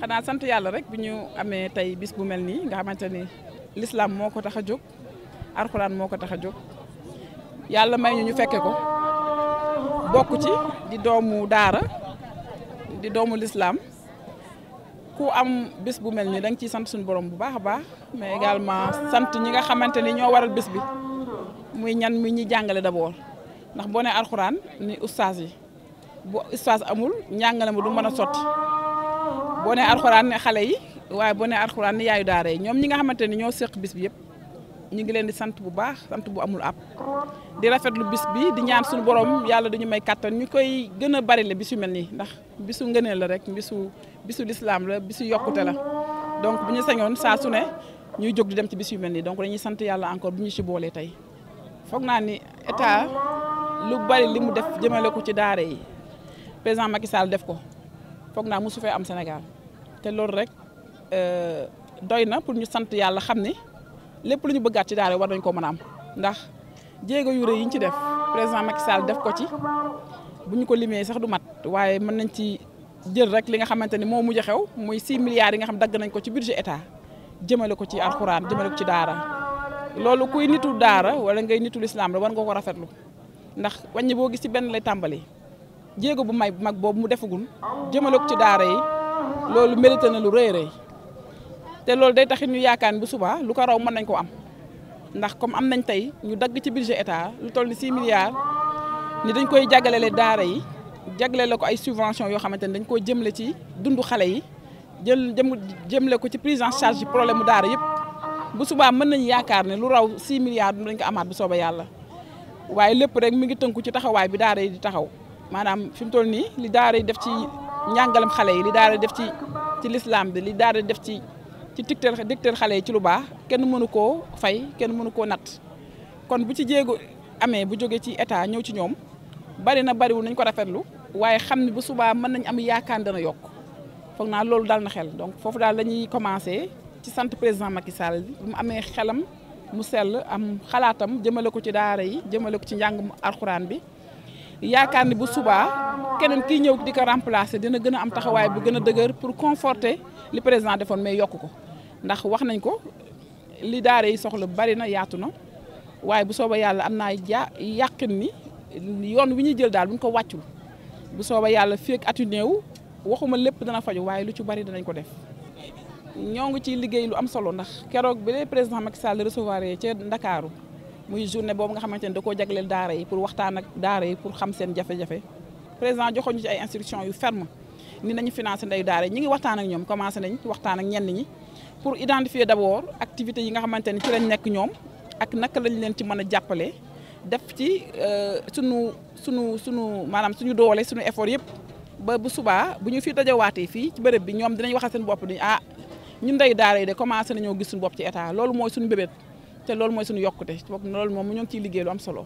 xanaa sant yàlla rek bi ñu amee tey bis bu mel nii nga xamante ni l'islam moo ko tax a jóg alxuraan moo ko tax a jóg yàlla may ñu ñu fekke ko bokk ci di doomu daara di doomu lislaam ku am bis bu mel nii da nga ciy sant suñu borom bu baax a baax mais également sant ñi nga xamante ni ñoo waral bis bi muy ñan muy ñi jàngale d'abord ndax boo alxuraan ni ustaas yi bu ustaas amul njàngale ma du mën a sotti boo nee alxuraan xale yi waaye boo nee alxuraan ne yaayu daara yi ñoom ñi nga xamante ni ñoo séq bis bi yëpp ñu ngi leen di sant bu baax sant bu amul ab di rafetlu bis bi di ñaan suñu borom yàlla dañu may kàttan ñu koy gën a bari la bisu mel nii ndax bisu ngëneel la rek bisu bisu lislaam la bisu yokkute la donc bu ñu sañoon saa su ne ñuy jóg di dem ci bis yu mel nii donc dañuy sant yàlla encore bu ñu ci boolee tey foog naa ni état lu bari li mu def jëmale ko ci daara yi président Macky Sall def ko foog naa mosu fee am Sénégal te loolu rek euh, doy na pour ñu sant yàlla xam ne lépp lu ñu bëggaat ci daara war nañ ko mën a am ndax jéego yu rëy yi ñu ci def président Macky Sall def ko ci bu ko limee sax du mat waaye mën nañ ci jël rek li nga xamante ni moo mujj xew muy 6 milliards yi nga xam dagg nañ ko ci budget état jëmale ko ci alxuraan jëmale ko ci daara loolu kuy nitu daara wala ngay nitu lislaam la war nga ko rafetlu ndax wàññi boo gis ci benn lay tàmbali. jéego bu may bu mag boobu mu defagul jëmale ko ci daara yi loolu mérité na lu rëy rëy te loolu day taxit ñu yaakaar bu subaa lu ko raw mën nañ ko am ndax comme am nañ tey ñu dagg ci budget état lu toll ni 6 milliards ni dañ koy jaglele daara yi jaglele ko ay subvention yoo xamante ni dañ koy jëmle ci dundu xale yi jël jëm jëmle ko ci prise en charge yi problème mu daara yëpp bu subaa mën nañ yaakaar ne lu raw 6 milliards dañ ko amaat bu soobee yàlla waaye lépp rek mi ngi tënku ci taxawaay bi daara yi di taxaw maanaam fi mu toll nii li daara yi def ci njàngalam xale yi li daara def ci ci lislaam bi li daara def ci ci dicteur dicteur xale yi ci lu baax kenn mënu koo fay kenn mënu koo natt kon bu ci jéego amee bu jógee ci état ñëw ci ñoom bari na bariwul nañ ko rafetlu waaye xam ne bu subaa mën nañ am yaakaar ndana yokk foog naa loolu dal na xel donc foofu daal la ñuy commencé ci sant président Macky Sall bi mu amee xelam mu sel am xalaatam jëmale ko ci daara yi jëmale ko ci njàngum alxuraan bi yaakaar ni bu subaa keneen kiy ñëw di ko remplacer dina gën a am taxawaay bu gën a dëgër pour conforter li président defoon mais yokk ko ndax wax nañ ko li daara yi soxla bari na yaatu na waaye bu sooba yàlla am naa ja yàqin ni yoon wi ñuy jël daal bu ñu ko wàccul bu sooba yàlla feek atu néew waxuma lépp dana faju waaye lu ci bari danañ ko def ñoo ngi ciy liggéey lu am solo ndax keroog bi lee président Macky Sall recevoir ca Ndakaaru muy journée boobu nga xamante ne da koo jagleel daara yi pour waxtaan ak daara yi pour xam seen jafe-jafe président joxoon ci ay instructions yu ferme ni nañu financé nday daara yi ñu ngi waxtaan ak ñoom commencé nañ waxtaan ak ñenn ñi pour identifier d'abord activités yi nga xamante ne ci lañ nekk ñoom ak naka lañ leen ci mën a jàppale def ci euh, sunu sunu sunu maanaam suñu doole suñu effort yëpp ba bu subaa bu ñu fi dajawaatee fii bërëb bi ñoom dinañ waxal seen bopp ni ah ñun ndeyu daara yi de commencé nañoo gis suñu bopp ci état loolu mooy suñu bébét te loolu mooy sunu yokkute foog loolu moom ñoo ngi ciy liggéey lu am solo.